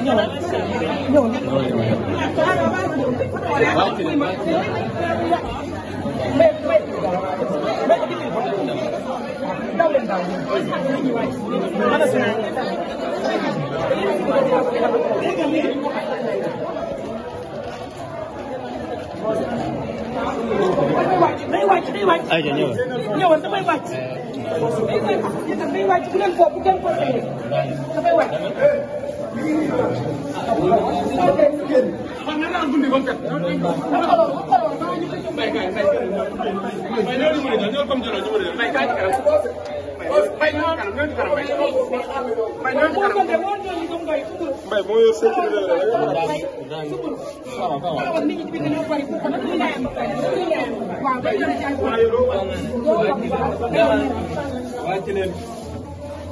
ayca ñëwal ñëwal damay wàcc damay wàcc bu leen ko bu leen ko damay wàcc waaw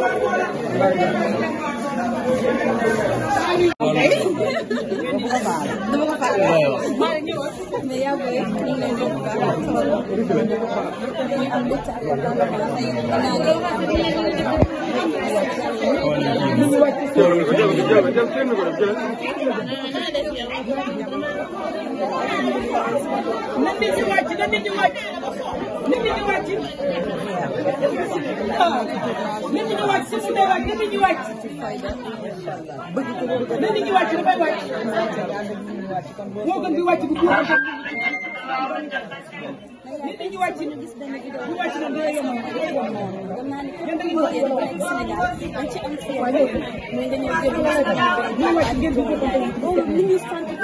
na nit ñi wàcc na nit ñi wàcc nit ñi di wàcc nit ñi di wàcc suuf si day wàcc nit ñi di wàcc. nit ñi di wàcc dafay wàcc. moo gën di wàcc bu tuur nit ñi di wàcc bu wàcc na day yomb day yomb ñun da ngeen di wàcc. ñu wàcc ngeen di ko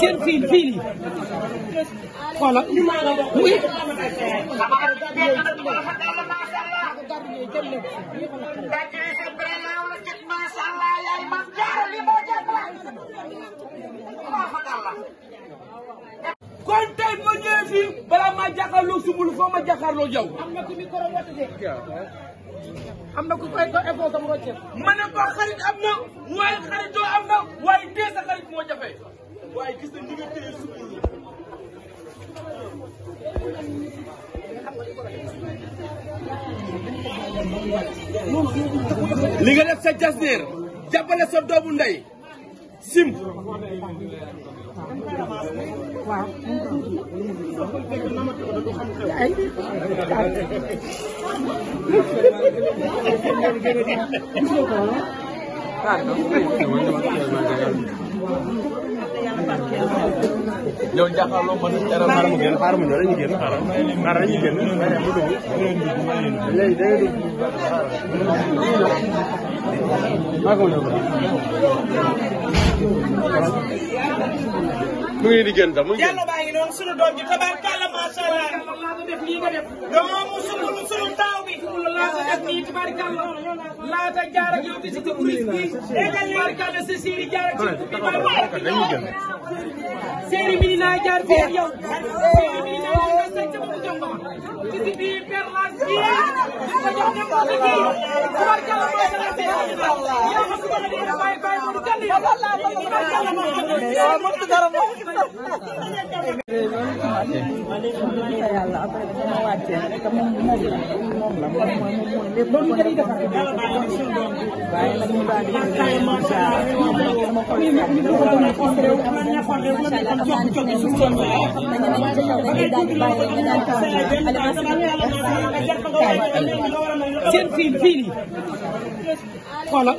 seen fiil fiil yi xoolal oui kon tey ma maa jàkkaarloo sumbulu foo ma jàkkaarloo yow. am na ko école xarit am na waaye xarit moo jafe. waaye gis nañ ni nga téye sukkul li nga def sa jasneer jàppale sa doomu sim yow jàkkaarloo man dara xaaral mu génn xaaral mu ñëw dañuy génn xaaral xaaral dañuy génn nga dem mu dugg léegi da ngay dugg maa ko ñëw mu ngi di génn sax mu ngi génn yàlla baa ngi noonu sunu doom ji tabaar kàlla def lii nga def dama mu sumul sumul taaw bi laa ko def nii tabarkalla laata jaar ak yow bi ci ko prise bi tabarkalla sa séeri jaar ak ci bi ba waay séeri bi naa jaar bi yow séeri bi naa jaar sa ci ko jongo ci bi per la bi ko jongo ko ci tabarkalla ma sa be ya ma ko ne na bay bay mo du kan ni tabarkalla ma ko ne mo ko dara mo yàlla après dafa ma wàccee te moom moom la moom la moom mooy moom mooy lépp moom la waaye nag mu daal di ma koy seen fii fii nii xoolal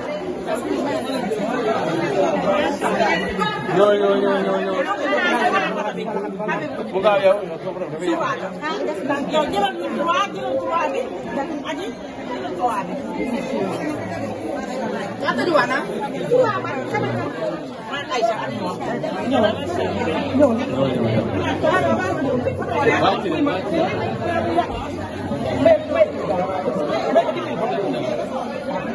ñoo ñoo ñoo ñoo ñoo. bu nga yow. suba ah des na yow jëlal ñu trois jëlal trois bi dañu aji jëlal trois bi. ñaata di wax naa. trois ba xam nga man Aïcha ak moom. ñëw ñëw ñëw.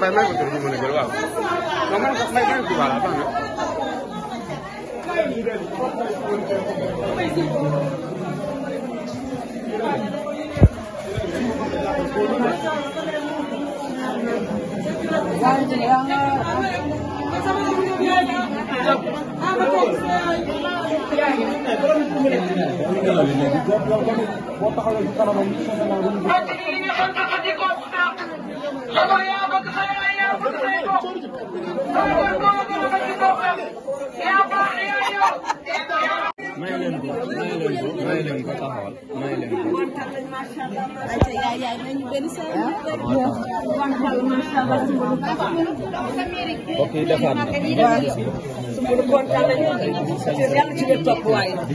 mbay may ko tey ñu mën a jël waaw non man mbay may ko voilà baax na. may leen ko taxawal may leen ko. ok defaat na. yàlla ci biir topp waaye. loolu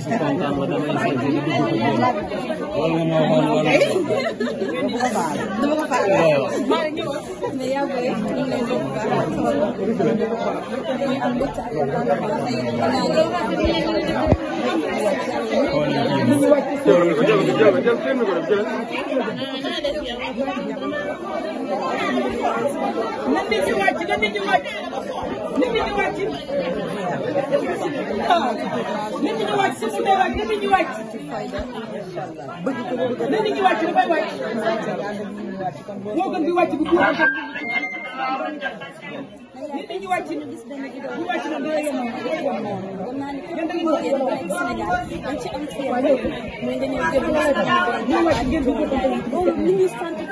moom moo xool loolu. waaw. nit ñi wàcc si suñu wàcc nit ñi wàcc. nit ñi wàcc dafay wàcc. moo gën di wàcc bu tuur ak nit ñi wàcc bu wàcc na doo yem yéen da ngeen di wàcc. ñu wàcc ngeen di ko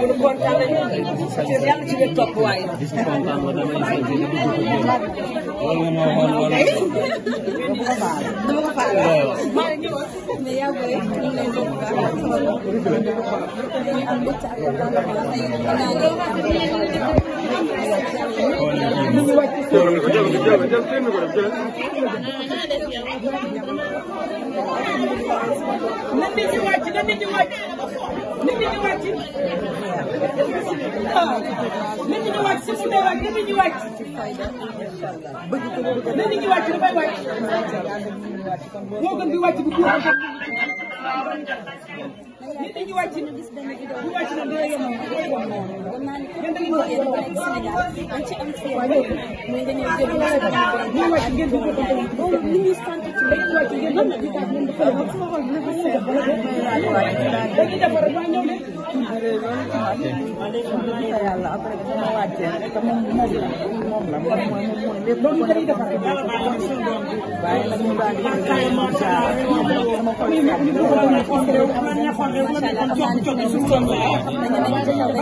ñu kontaan nañu yàlla ci biir topp waaye. na nit ñi wàcc na nit ñi wàcc nit ñi ah, wàcc nit ñi wàcc si su dee wàcc nit ñi wàcc nit ñi wàcc dafay wàcc moo gën di wàcc bu tuur nit ñi wàcc bu wàcc na doo yem yéen da ngeen ko Sénégal dañ ci am yàlla après dama wàccee te moom moom la moom la moom mooy mooy lépp loolu la ñuy defar waaye nag ñu daal di sama xol ak li ko doon nekk am réew am na xam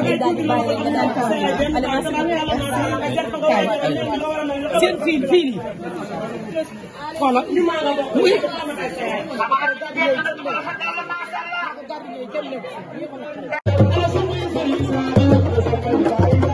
ne dañu daal di bàyyi nga daal di taw seen fii fii xoolal muy. Thank you.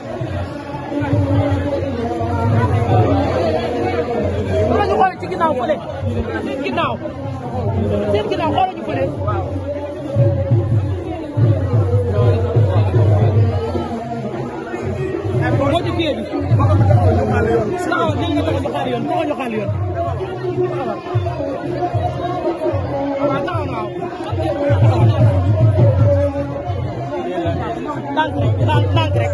ginnaaw fële seen ginnaaw seen ginnaaw xooluñu fële moo ci pied bi taxaw jël nga taxaw ñu xaar yoon taxaw ñu xaar yoon waaw taxaw naaw tànk rek tànk rek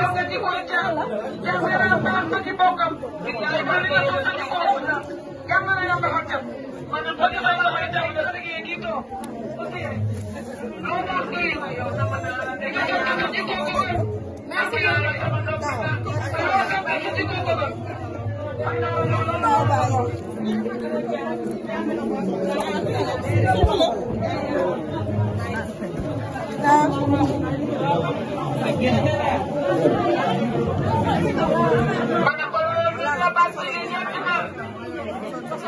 yow nga jubóo jàng jàng dana baax ba ci bokkam. yàlla na yow nga xam ne kooku la yàlla na yow nga xam tam. man nag boo defee loo xam ne jàng dafa liggéey kii too. parce que loolu moo koy yow sama naa dégg nga yow dafa ci kooku ko. merci yow sama ndox mi daal. yow dafa ci kooku ko. xam naa loolu laa baaxoo.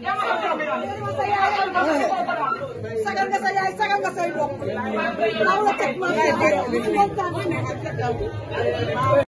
sa yaay sagal nga sa yaay sagal nga say mbokk.